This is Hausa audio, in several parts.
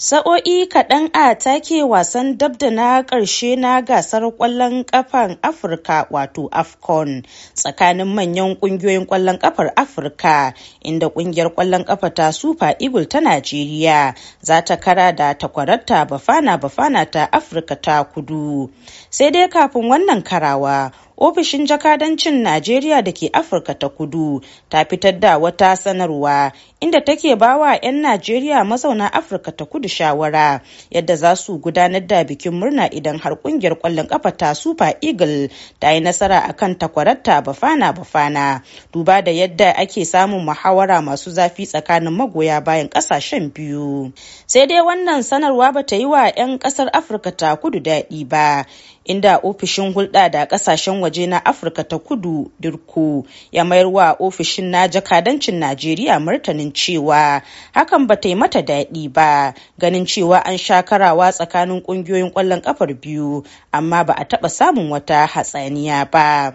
Sa'o'i kaɗan a take wasan dabda na ƙarshe na gasar ƙwallon ƙafar Afirka wato AFCON tsakanin manyan ƙungiyoyin ƙwallon ƙafar Afirka inda ƙungiyar ƙwallon ƙafa ta Super Eagle ta Najeriya za ta kara da takwararta Bafana Bafana ta Afirka ta Kudu. Sai dai kafin wannan karawa ofishin jakadancin najeriya da ke afirka ta kudu ta fitar da wata sanarwa inda take bawa 'yan najeriya mazauna afirka ta kudu shawara yadda za su gudanar da bikin murna idan har kungiyar kwallon kafa ta super eagle ta yi nasara akan takwararta bafana bafana duba da yadda ake samun muhawara masu zafi tsakanin magoya bayan kasashen biyu sai dai wannan sanarwa ba ta yi wa 'yan kasar afirka ta kudu daɗi ba inda ofishin hulɗa da kasashen waje waje na Afirka ta Kudu Dirku ya mayar wa ofishin na jakadancin Najeriya martanin cewa hakan ba ta yi mata daɗi ba ganin cewa an sha tsakanin ƙungiyoyin ƙwallon ƙafar biyu amma ba a taɓa samun wata hatsaniya ba.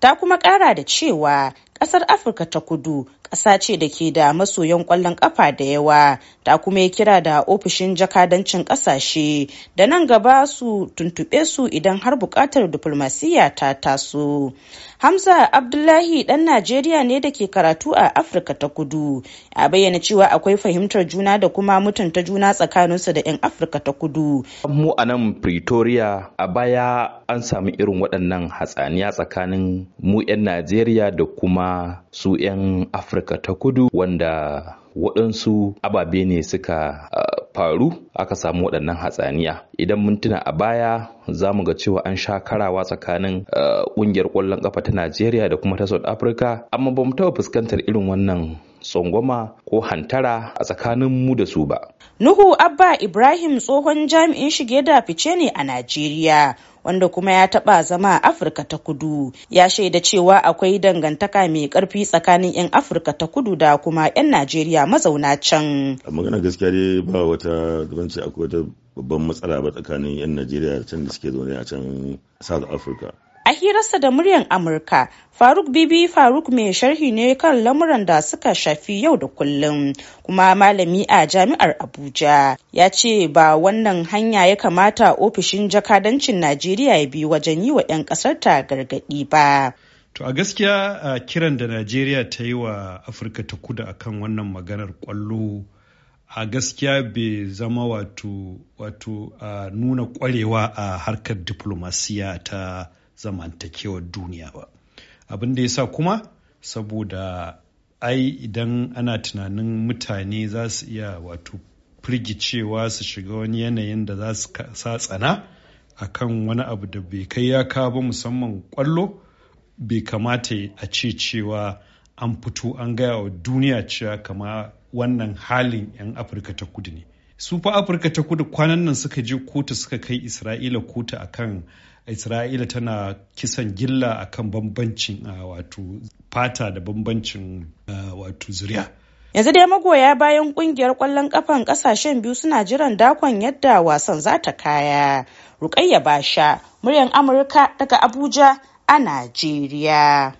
ta kuma ƙara da cewa kasar afirka ta kudu ƙasa ce da ke da masoyan kwallon kafa da yawa ta kuma ya kira da ofishin jakadancin ƙasashe da nan gaba su tuntuɓe su idan har buƙatar diflomasiyya ta taso hamza abdullahi ɗan najeriya ne da ke karatu a afirka ta kudu a bayyana cewa akwai fahimtar juna da kuma mutunta juna tsakaninsu da 'yan afirka ta kudu mu a nan pretoria a baya an samu irin waɗannan hatsaniya tsakanin mu 'yan najeriya da kuma su 'yan afirka ta kudu wanda waɗansu ababe ne suka faru aka samu waɗannan hatsaniya idan mun a baya za mu ga cewa an sha karawa tsakanin ƙungiyar ƙwallon ƙafa ta najeriya da kuma ta south africa amma ba mu taɓa fuskantar irin wannan tsangwama ko hantara a tsakanin mu da su ba nuhu abba ibrahim tsohon jami'in shige da fice ne a najeriya wanda kuma ya taɓa zama a Afirka ta Kudu. Ya shaida cewa akwai dangantaka mai karfi tsakanin 'yan Afirka ta Kudu da kuma 'yan Najeriya mazauna can. magana gaskiya dai ba wata zance akwai wata babban matsala ba tsakanin 'yan Najeriya can da suke zaune a can South Africa. A hirarsa da muryar Amurka, Faruk Bibi Faruk mai sharhi ne kan lamuran da suka shafi yau da kullum kuma malami a jami'ar Abuja ya ce ba wannan hanya ya kamata ofishin jakadancin Najeriya ya bi wajen yi wa 'yan kasar ta gargaɗi ba. To a gaskiya a kiran da Najeriya ta yi wa Afirka ta kuda akan wannan maganar kwallo a gaskiya bai zama wato wato a nuna kwarewa a harkar diplomasiya ta zamantakewar duniya ba abin da ya sa kuma saboda ai idan ana tunanin mutane za su iya wato firgicewa su shiga wani yanayin da za su sa tsana a kan wani abu da bai kai ya ka ba musamman kwallo bai kamata a ce cewa an fito an gaya wa duniya cewa kama wannan halin 'yan afirka ta kudu ne su fa afirka ta kudu kwanan nan suka je kotu suka kai isra'ila kotu akan isra'ila tana kisan gilla akan bambancin ah, wato fata da bambancin ah, wato zuriya yanzu dai magoya bayan kungiyar kwallon kafan kasashen biyu suna jiran dakon yadda wasan za ta kaya rukayya basha muryan amurka daga abuja a najeriya